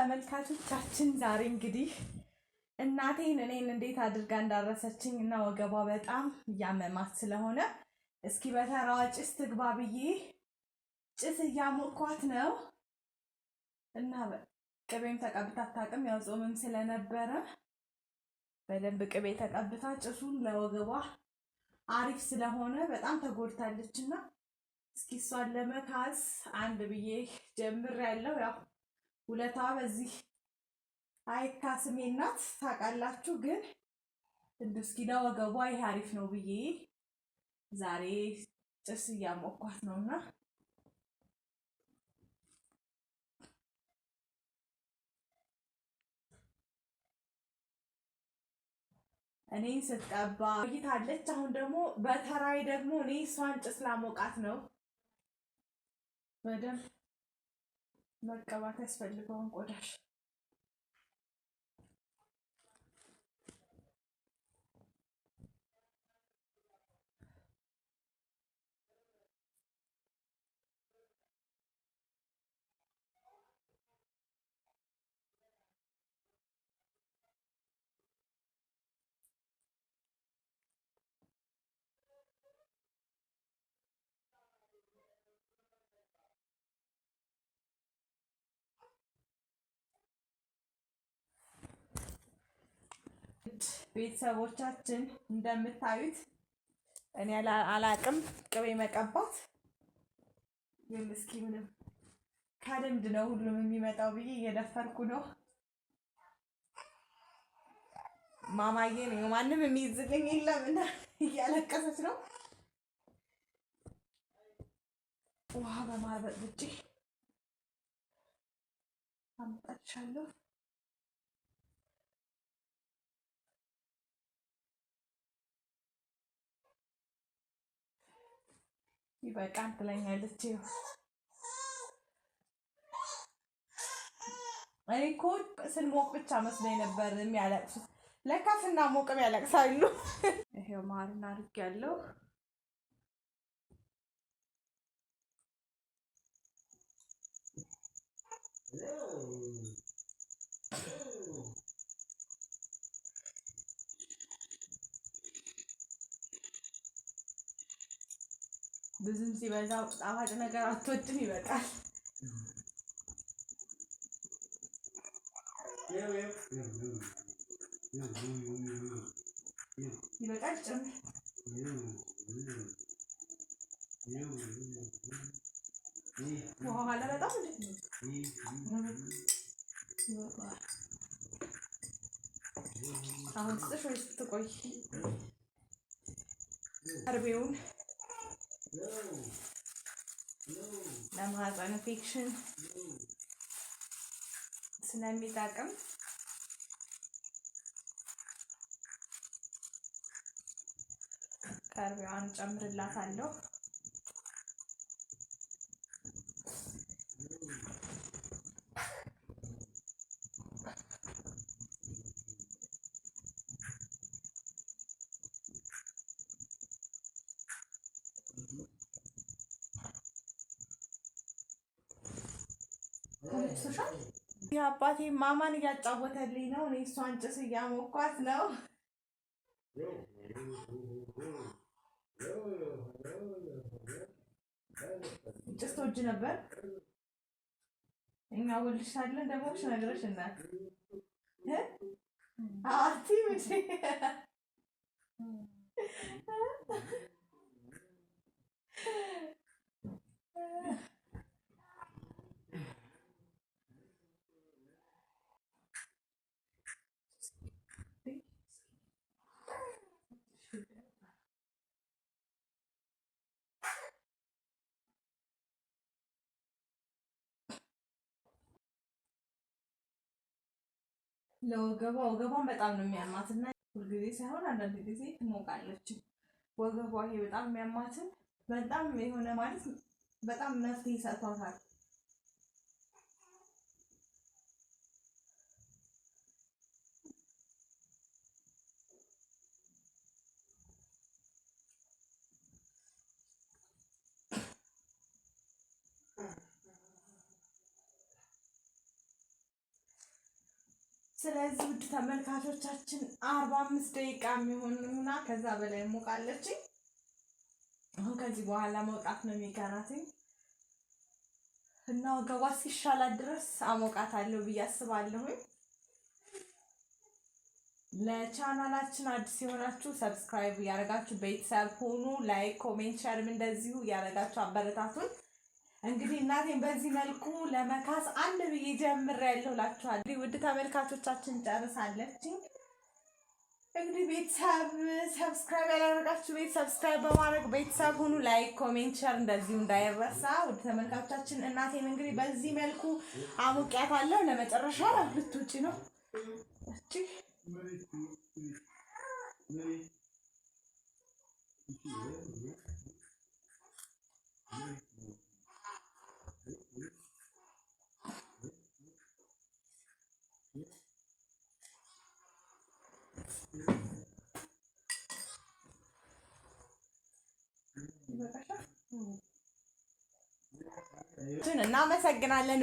ተመልካቾቻችን ዛሬ እንግዲህ እናቴን እኔን እንዴት አድርጋ እንዳረሰችኝ እና ወገቧ በጣም እያመማት ስለሆነ እስኪ በተራዋ ጭስ ትግባ ብዬ ጭስ እያሞኳት ነው እና ቅቤም ተቀብታ አታውቅም። ያው ጾምም ስለነበረ በደንብ ቅቤ ተቀብታ ጭሱን ለወገቧ አሪፍ ስለሆነ በጣም ተጎድታለች እና እስኪ እሷን ለመካዝ አንድ ብዬ ጀምር ያለው ያው ውለታ በዚህ አይካስሜ እናት ታውቃላችሁ። ግን ኪዳ ወገቧ ይህ አሪፍ ነው ብዬ ዛሬ ጭስ እያሞኳት ነውና እኔን ስትቀባ ቆይታለች። አሁን ደግሞ በተራይ ደግሞ እኔ እሷን ጭስ ላሞቃት ነው በደንብ መቀባት ያስፈልገውን ቆዳሽ ውድ ቤተሰቦቻችን እንደምታዩት እኔ አላቅም ቅቤ መቀባት የምስኪ ምንም ከልምድ ነው ሁሉም የሚመጣው ብዬ እየደፈርኩ ነው። ማማዬ ነው ማንም የሚይዝልኝ የለም እና እያለቀሰች ነው። ውሃ በማበጥ ውጪ አምጣልሻለሁ። ይበቃል ትለኛለች። እኔ እኮ ስንሞቅ ብቻ መስሎኝ ነበር የሚያለቅሱት። ለካ ስናሞቅም ያለቅሳሉ። ይሄው ማርና አርግ ያለው ብዙም ሲበዛ ጣፋጭ ነገር አትወድም፣ ይበቃል። ይበቃል ጭምር በኋላ በጣም አሁን ትጥሽ ወይስ ትቆይ? እርቤውን ለማህፀን ኢንፌክሽን ስለሚጠቅም ከርቤዋን ጨምርላታለሁ። ይህ አባቴ ማማን እያጫወተልኝ ነው። እኔ እሷን ጭስ እያሞኳት ነው። ጭስ ተወጅ ነበር። እኛ ውልሻለን ደግሞ ነግረሽ እናት አቲ ለወገቧ ወገቧን በጣም ነው የሚያማት እና ሁልጊዜ ሳይሆን አንዳንድ ጊዜ ትሞቃለች። ወገቧ ይሄ በጣም የሚያማትን በጣም የሆነ ማለት በጣም መፍትሄ ሰጥቷታል። ስለዚህ ውድ ተመልካቾቻችን አርባ አምስት ደቂቃ የሚሆንና ከዛ በላይ ሞቃለች። አሁን ከዚህ በኋላ መውጣት ነው የሚቀራትኝ እና ወገቧ እስኪሻላት ድረስ አሞቃታለሁ ብዬ አስባለሁኝ። ለቻናላችን አዲስ የሆናችሁ ሰብስክራይብ እያደረጋችሁ ቤተሰብ ሁኑ። ላይክ፣ ኮሜንት፣ ሸርም እንደዚሁ እያደረጋችሁ አበረታቱን። እንግዲህ እናቴን በዚህ መልኩ ለመካስ አንድ ብዬ ጀምሬያለሁ እላችኋለሁ። ውድ ተመልካቾቻችን ጨርሳለችኝ። እንግዲህ ቤተሰብ ሰብስክራይብ ያላደረጋችሁ ቤት ሰብስክራይብ በማድረግ ቤተሰብ ሁኑ። ላይክ፣ ኮሜንት፣ ሸር እንደዚሁ እንዳይረሳ። ውድ ተመልካቾቻችን እናቴን እንግዲህ በዚህ መልኩ አሞቂያታለሁ። ለመጨረሻ ውጭ ነው እናመሰግናለን።